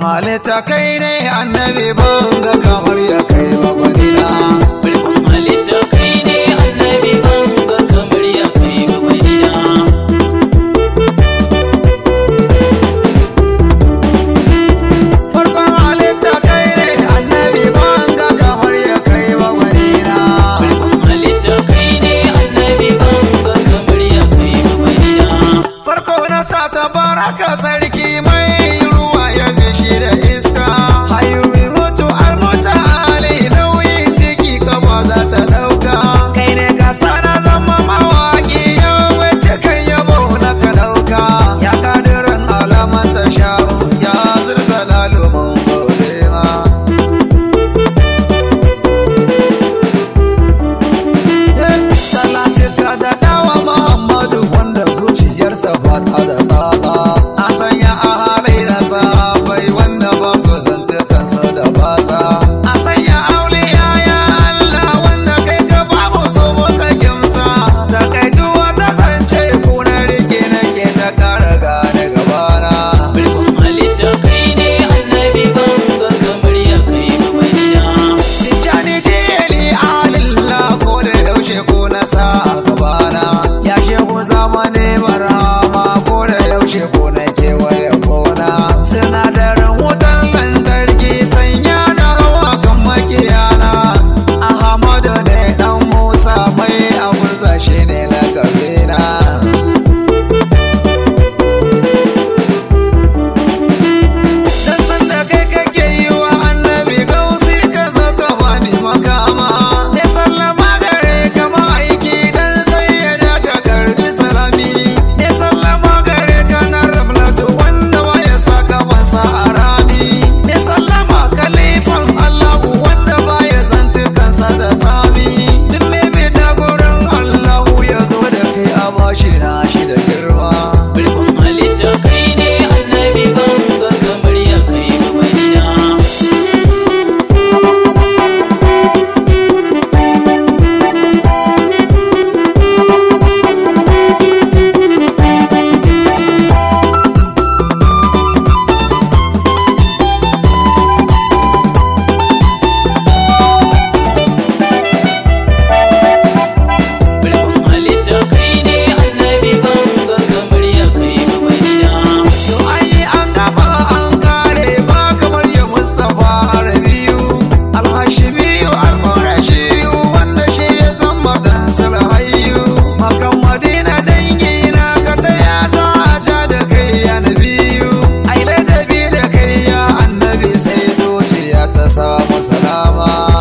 Fiyayyen halitta kai ne annabi ban kamar ya kai ba gwadina. ne annabi ban kamar ya kai ba ne annabi ban kamar ya kai annabi kamar ya kai Farko na sa ta baraka sari. salama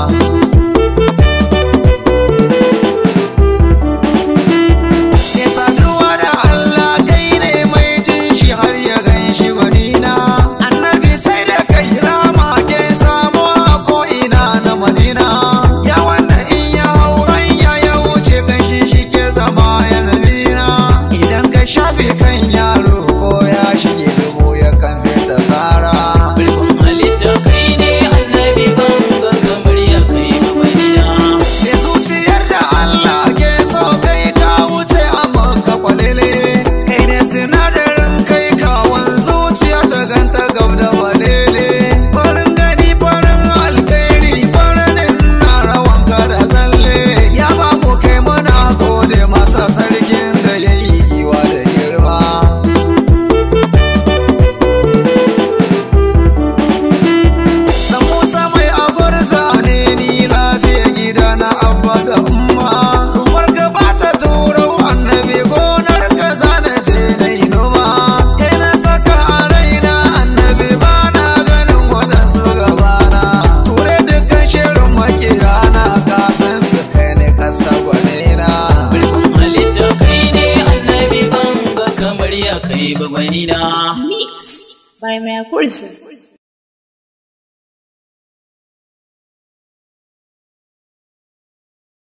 gwani ba gwani na. Mix by